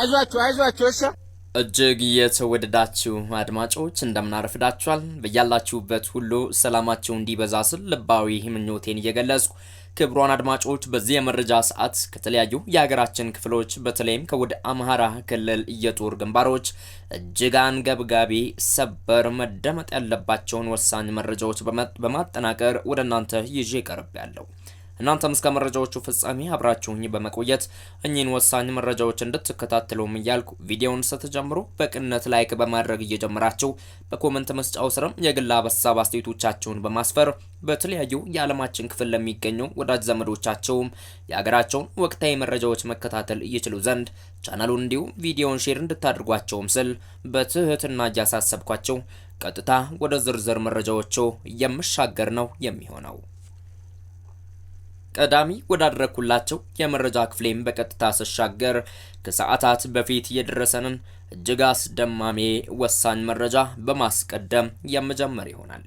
አይዟችሁ አይዟችሁ። እሺ እጅግ የተወደዳችሁ አድማጮች እንደምናረፍዳችኋል። በያላችሁበት ሁሉ ሰላማችሁ እንዲበዛ ስል ልባዊ ምኞቴን እየገለጽኩ ክቡራን አድማጮች በዚህ የመረጃ ሰዓት ከተለያዩ የሀገራችን ክፍሎች በተለይም ከወደ አምሃራ ክልል የጦር ግንባሮች እጅግ አንገብጋቢ ሰበር መደመጥ ያለባቸውን ወሳኝ መረጃዎች በማጠናቀር ወደ እናንተ ይዤ ቀርብ ያለው እናንተም እስከ መረጃዎቹ ፍጻሜ አብራችሁኝ በመቆየት እኚህን ወሳኝ መረጃዎች እንድትከታተሉም እያልኩ ቪዲዮውን ስትጀምሩ በቅነት ላይክ በማድረግ እየጀመራችሁ በኮመንት መስጫው ስርም የግል ሀሳብ አስተያየቶቻችሁን በማስፈር በተለያዩ የዓለማችን ክፍል ለሚገኙ ወዳጅ ዘመዶቻቸውም የሀገራቸውን ወቅታዊ መረጃዎች መከታተል እየችሉ ዘንድ ቻናሉን እንዲሁም ቪዲዮውን ሼር እንድታደርጓቸውም ስል በትህትና እያሳሰብኳቸው ቀጥታ ወደ ዝርዝር መረጃዎቹ የምሻገር ነው የሚሆነው። ቀዳሚ ወዳደረኩላቸው የመረጃ ክፍሌም በቀጥታ ስሻገር ከሰዓታት በፊት የደረሰንን እጅግ አስደማሜ ወሳኝ መረጃ በማስቀደም የመጀመር ይሆናል።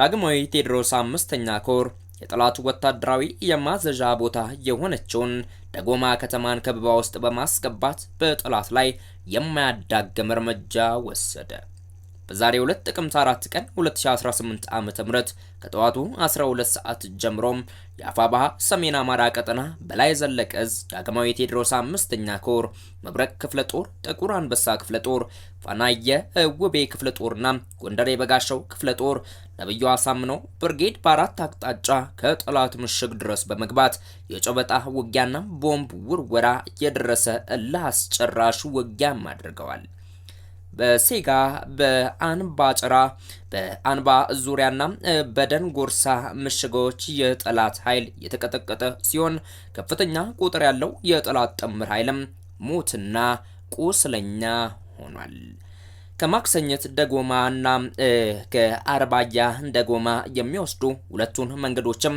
ዳግማዊ ቴዎድሮስ አምስተኛ ኮር የጠላቱ ወታደራዊ የማዘዣ ቦታ የሆነችውን ደጎማ ከተማን ከበባ ውስጥ በማስገባት በጠላት ላይ የማያዳግም እርምጃ ወሰደ። በዛሬ 2 ጥቅምት 4 ቀን 2018 ዓ.ም ከጠዋቱ 12 ሰዓት ጀምሮም የአፋባሃ ሰሜን አማራ ቀጠና በላይ ዘለቀ እዝ ዳግማዊ ቴዎድሮስ አምስተኛ ኮር መብረቅ ክፍለ ጦር፣ ጥቁር አንበሳ ክፍለ ጦር፣ ፋናየ ውቤ ክፍለ ጦርና ጎንደር የበጋሻው ክፍለ ጦር ነብዩ አሳምነው ብርጌድ በአራት አቅጣጫ ከጠላት ምሽግ ድረስ በመግባት የጨበጣ ውጊያና ቦምብ ውርወራ የደረሰ እልህ አስጨራሽ ውጊያም አድርገዋል። በሴጋ በአንባጭራ በአንባ ዙሪያና በደንጎርሳ ምሽጎች የጠላት ኃይል የተቀጠቀጠ ሲሆን ከፍተኛ ቁጥር ያለው የጠላት ጥምር ኃይልም ሞትና ቁስለኛ ሆኗል። ከማክሰኘት ደጎማ እና ከአርባያ ደጎማ የሚወስዱ ሁለቱን መንገዶችም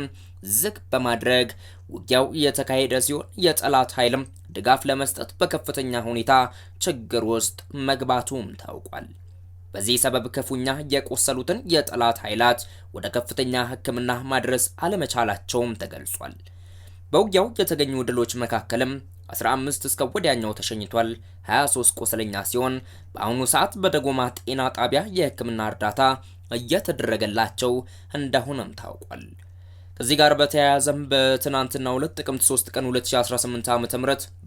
ዝግ በማድረግ ውጊያው የተካሄደ ሲሆን የጠላት ኃይልም ድጋፍ ለመስጠት በከፍተኛ ሁኔታ ችግር ውስጥ መግባቱም ታውቋል። በዚህ ሰበብ ክፉኛ የቆሰሉትን የጠላት ኃይላት ወደ ከፍተኛ ሕክምና ማድረስ አለመቻላቸውም ተገልጿል። በውጊያው የተገኙ ድሎች መካከልም 15 እስከ ወዲያኛው ተሸኝቷል፣ 23 ቁስለኛ ሲሆን በአሁኑ ሰዓት በደጎማ ጤና ጣቢያ የህክምና እርዳታ እየተደረገላቸው እንደሆነም ታውቋል። እዚህ ጋር በተያያዘም በትናንትና ሁለት ጥቅምት 3 ቀን 2018 ዓ.ም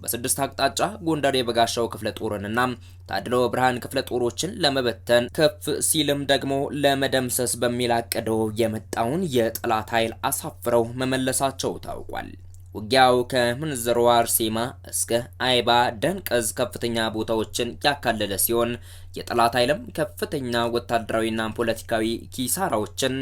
በስድስት አቅጣጫ ጎንደር የበጋሻው ክፍለ ጦርንና ታድሎ ብርሃን ክፍለ ጦሮችን ለመበተን ከፍ ሲልም ደግሞ ለመደምሰስ በሚል አቅደው የመጣውን የጠላት ኃይል አሳፍረው መመለሳቸው ታውቋል። ውጊያው ከምንዝሯ አርሴማ እስከ አይባ ደንቀዝ ከፍተኛ ቦታዎችን ያካለለ ሲሆን የጠላት ኃይልም ከፍተኛ ወታደራዊና ፖለቲካዊ ኪሳራዎችን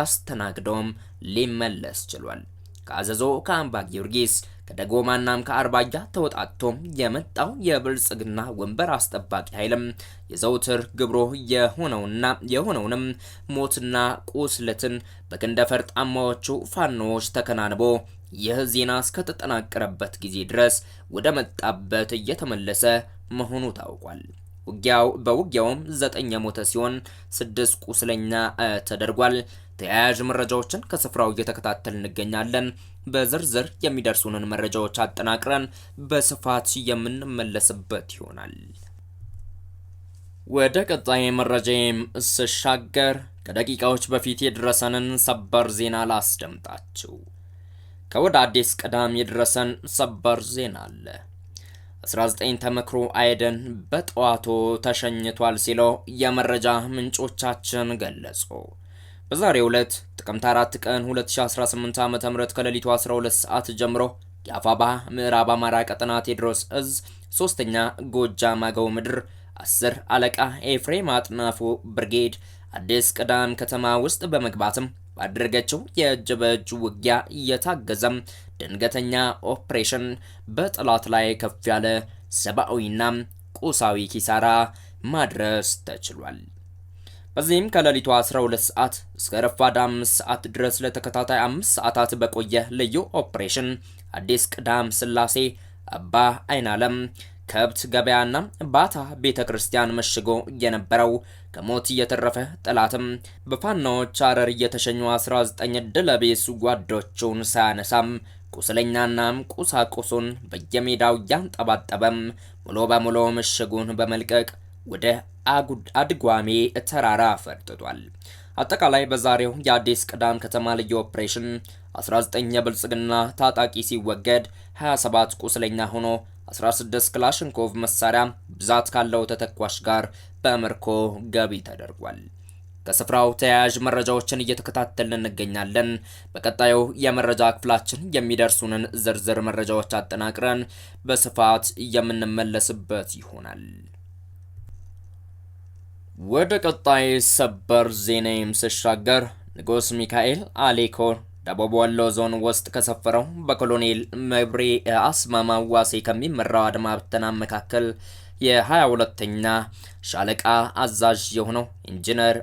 አስተናግደውም ሊመለስ ችሏል። ከአዘዞ ከአምባ ጊዮርጊስ ከደጎማናም ከአርባያ ተወጣቶም የመጣው የብልጽግና ወንበር አስጠባቂ ኃይልም የዘውትር ግብሮ የሆነውና የሆነውንም ሞትና ቁስለትን በክንደ ፈርጣማዎቹ ፋኖዎች ተከናንቦ ይህ ዜና እስከተጠናቀረበት ጊዜ ድረስ ወደ መጣበት እየተመለሰ መሆኑ ታውቋል። ውጊያው በውጊያውም ዘጠኝ የሞተ ሲሆን ስድስት ቁስለኛ ተደርጓል። ተያያዥ መረጃዎችን ከስፍራው እየተከታተል እንገኛለን። በዝርዝር የሚደርሱንን መረጃዎች አጠናቅረን በስፋት የምንመለስበት ይሆናል። ወደ ቀጣይ መረጃዬም ስሻገር ከደቂቃዎች በፊት የደረሰንን ሰበር ዜና ላስደምጣችሁ። ከወደ አዲስ ቅዳም የደረሰን ሰበር ዜና አለ። 19 ተመክሮ አይደን በጠዋቱ ተሸኝቷል ሲለው የመረጃ ምንጮቻችን ገለጹ። በዛሬ ዕለት ጥቅምት 4 ቀን 2018 ዓ.ም ከሌሊቱ 12 ሰዓት ጀምሮ የአፋባ ምዕራብ አማራ ቀጠና ቴዎድሮስ እዝ ሶስተኛ ጎጃም አገው ምድር አስር አለቃ ኤፍሬም አጥናፉ ብርጌድ አዲስ ቅዳም ከተማ ውስጥ በመግባትም ባደረገችው የእጅ በእጅ ውጊያ እየታገዘም ድንገተኛ ኦፕሬሽን በጠላት ላይ ከፍ ያለ ሰብአዊና ቁሳዊ ኪሳራ ማድረስ ተችሏል። በዚህም ከሌሊቱ 12 ሰዓት እስከ ረፋድ 5 ሰዓት ድረስ ለተከታታይ 5 ሰዓታት በቆየ ልዩ ኦፕሬሽን አዲስ ቅዳም ስላሴ አባ አይናለም ከብት ገበያና ባታ ቤተ ክርስቲያን መሽጎ የነበረው ከሞት እየተረፈ ጠላትም በፋናዎች አረር እየተሸኙ 19 ድለቤሱ ጓዶቹን ሳያነሳም ቁስለኛናም ቁሳቁሱን በየሜዳው እያንጠባጠበም ሙሉ በሙሉ ምሽጉን በመልቀቅ ወደ አድጓሜ ተራራ ፈርጥቷል። አጠቃላይ በዛሬው የአዲስ ቅዳም ከተማ ልዩ ኦፕሬሽን 19 የብልጽግና ታጣቂ ሲወገድ 27 ቁስለኛ ሆኖ 16 ክላሽንኮቭ መሳሪያ ብዛት ካለው ተተኳሽ ጋር በምርኮ ገቢ ተደርጓል። ከስፍራው ተያያዥ መረጃዎችን እየተከታተልን እንገኛለን። በቀጣዩ የመረጃ ክፍላችን የሚደርሱንን ዝርዝር መረጃዎች አጠናቅረን በስፋት የምንመለስበት ይሆናል። ወደ ቀጣይ ሰበር ዜናም ስሻገር ንጉስ ሚካኤል አሌኮ ደቡብ ወሎ ዞን ውስጥ ከሰፈረው በኮሎኔል መብሬ አስማማ ዋሴ ከሚመራው አድማ ብተና መካከል የ22ኛ ሻለቃ አዛዥ የሆነው ኢንጂነር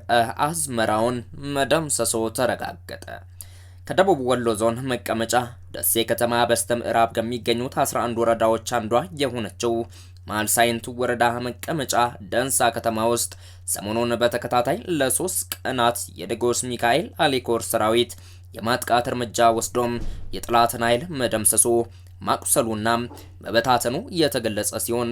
አዝመራውን መደምሰሶ ተረጋገጠ። ከደቡብ ወሎ ዞን መቀመጫ ደሴ ከተማ በስተ ምዕራብ ከሚገኙት 11 ወረዳዎች አንዷ የሆነችው ማልሳይንቱ ወረዳ መቀመጫ ደንሳ ከተማ ውስጥ ሰሞኑን በተከታታይ ለሶስት ቀናት የደጎስ ሚካኤል አሌኮር ሰራዊት የማጥቃት እርምጃ ወስዶም የጠላትን ኃይል መደምሰሱ ማቁሰሉና መበታተኑ እየተገለጸ ሲሆን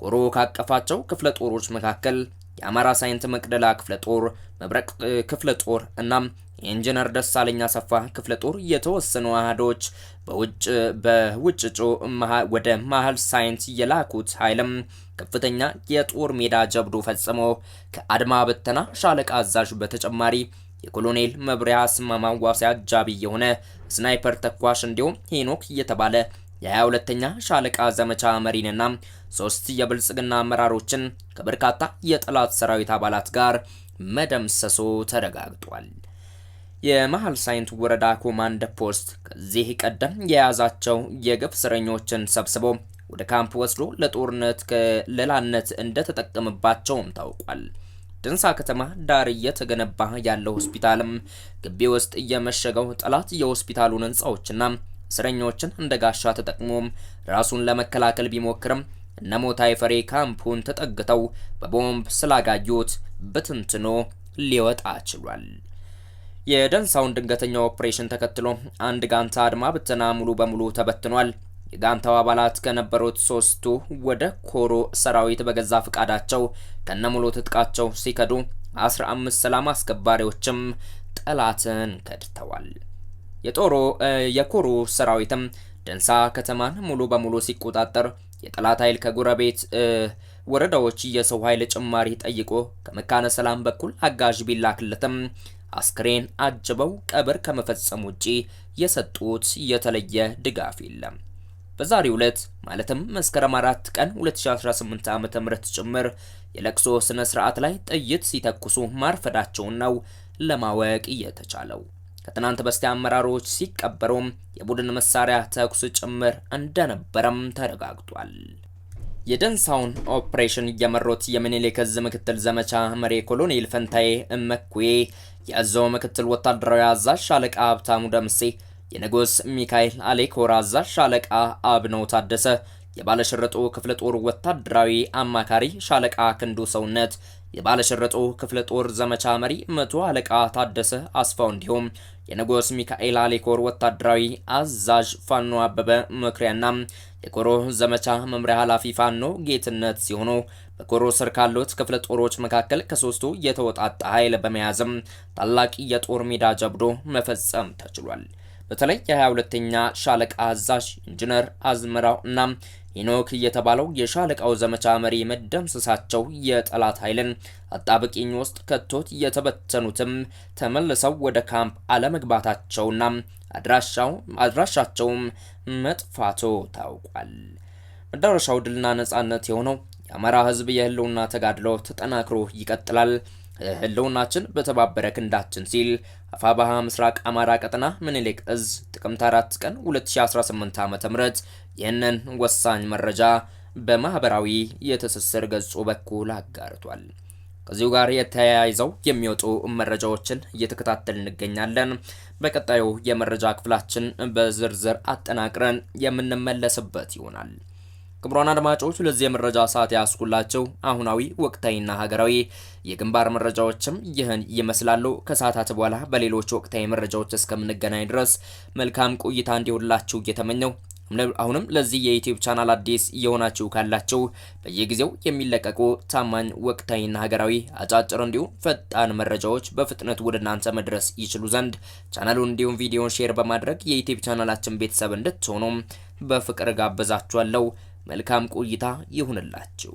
ጎሮ ካቀፋቸው ክፍለ ጦሮች መካከል የአማራ ሳይንት መቅደላ ክፍለ ጦር፣ መብረቅ ክፍለ ጦር እና የኢንጂነር ደሳለኝ አሰፋ ክፍለ ጦር የተወሰኑ አህዶች በውጭ ጮ ወደ መሀል ሳይንት የላኩት ኃይልም ከፍተኛ የጦር ሜዳ ጀብዶ ፈጽሞ ከአድማ በተና ሻለቃ አዛዥ በተጨማሪ የኮሎኔል መብሪያ አስማማው ዋሴ አጃቢ የሆነ ስናይፐር ተኳሽ እንዲሁም ሄኖክ እየተባለ የ22ኛ ሻለቃ ዘመቻ መሪንና ሶስት የብልጽግና አመራሮችን ከበርካታ የጠላት ሰራዊት አባላት ጋር መደምሰሶ ተረጋግጧል። የመሃል ሳይንት ወረዳ ኮማንድ ፖስት ከዚህ ቀደም የያዛቸው የግፍ እስረኞችን ሰብስቦ ወደ ካምፕ ወስዶ ለጦርነት ከለላነት እንደተጠቀምባቸውም ታውቋል። በድንሳ ከተማ ዳር እየተገነባ ያለው ሆስፒታልም ግቢ ውስጥ እየመሸገው ጠላት የሆስፒታሉን ህንፃዎችና እስረኞችን እንደ ጋሻ ተጠቅሞ ራሱን ለመከላከል ቢሞክርም እነ የፈሬ ካምፑን ተጠግተው በቦምብ ስላጋዩት ብትንትኖ ሊወጣ ችሏል። የደንሳውን ድንገተኛ ኦፕሬሽን ተከትሎ አንድ ጋንታ አድማ ብተና ሙሉ በሙሉ ተበትኗል። የጋንታው አባላት ከነበሩት ሶስቱ ወደ ኮሮ ሰራዊት በገዛ ፈቃዳቸው ከነሙሉ ትጥቃቸው ሲከዱ 15 ሰላም አስከባሪዎችም ጠላትን ከድተዋል። የጦሮ የኮሮ ሰራዊትም ደንሳ ከተማን ሙሉ በሙሉ ሲቆጣጠር የጠላት ኃይል ከጉረቤት ወረዳዎች የሰው ኃይል ጭማሪ ጠይቆ ከመካነ ሰላም በኩል አጋዥ ቢላክለትም አስክሬን አጅበው ቀብር ከመፈጸም ውጪ የሰጡት የተለየ ድጋፍ የለም። በዛሬ ዕለት ማለትም መስከረም 4 ቀን 2018 ዓ.ም ጭምር የለቅሶ ስነ ስርዓት ላይ ጥይት ሲተኩሱ ማርፈዳቸውን ነው ለማወቅ እየተቻለው። ከትናንት በስቲያ አመራሮች ሲቀበሩም የቡድን መሳሪያ ተኩስ ጭምር እንደነበረም ተረጋግጧል። የደንሳውን ኦፕሬሽን እየመሩት የሚኒሊክ ዕዝ ምክትል ዘመቻ መሪ ኮሎኔል ፈንታዬ እመኩዬ፣ የዕዙ ምክትል ወታደራዊ አዛዥ ሻለቃ ሀብታሙ ደምሴ የነጎስ ሚካኤል አሌኮር አዛዥ ሻለቃ አብነው ታደሰ የባለሸረጡ ክፍለ ጦር ወታደራዊ አማካሪ ሻለቃ ክንዱ ሰውነት፣ የባለሸረጡ ክፍለ ጦር ዘመቻ መሪ መቶ አለቃ ታደሰ አስፋው እንዲሁም የነጎስ ሚካኤል አሌኮር ወታደራዊ አዛዥ ፋኖ አበበ መኩሪያና የኮሮ ዘመቻ መምሪያ ኃላፊ ፋኖ ጌትነት ሲሆኑ በኮሮ ስር ካሉት ክፍለ ጦሮች መካከል ከሶስቱ የተወጣጣ ኃይል በመያዝም ታላቅ የጦር ሜዳ ጀብዶ መፈጸም ተችሏል። በተለይ የ22ኛ ሻለቃ አዛዥ ኢንጂነር አዝመራው እና ሄኖክ የተባለው የሻለቃው ዘመቻ መሪ መደምሰሳቸው የጠላት ኃይልን አጣብቂኝ ውስጥ ከቶት የተበተኑትም ተመልሰው ወደ ካምፕ አለመግባታቸውና አድራሻቸውም መጥፋቱ ታውቋል። መዳረሻው ድልና ነጻነት የሆነው የአማራ ሕዝብ የህልውና ተጋድሎ ተጠናክሮ ይቀጥላል። ህልውናችን በተባበረ ክንዳችን ሲል አፋባሃ ምስራቅ አማራ ቀጠና ምኒልክ እዝ ጥቅምት 4 ቀን 2018 ዓ ም ይህንን ወሳኝ መረጃ በማህበራዊ የትስስር ገጹ በኩል አጋርቷል። ከዚሁ ጋር የተያይዘው የሚወጡ መረጃዎችን እየተከታተል እንገኛለን። በቀጣዩ የመረጃ ክፍላችን በዝርዝር አጠናቅረን የምንመለስበት ይሆናል። ክቡራን አድማጮች ለዚህ የመረጃ ሰዓት ያስኩላቸው አሁናዊ ወቅታዊና ሀገራዊ የግንባር መረጃዎችም ይህን ይመስላሉ። ከሰዓታት በኋላ በሌሎች ወቅታዊ መረጃዎች እስከምንገናኝ ድረስ መልካም ቆይታ እንዲሆንላችሁ እየተመኘው አሁንም ለዚህ የዩቲዩብ ቻናል አዲስ የሆናችሁ ካላችሁ በየጊዜው የሚለቀቁ ታማኝ ወቅታዊና ሀገራዊ አጫጭር እንዲሁም ፈጣን መረጃዎች በፍጥነት ወደ እናንተ መድረስ ይችሉ ዘንድ ቻናሉን እንዲሁም ቪዲዮን ሼር በማድረግ የዩቲዩብ ቻናላችን ቤተሰብ እንድትሆኑም በፍቅር ጋበዛችኋለሁ። መልካም ቆይታ ይሁንላችሁ።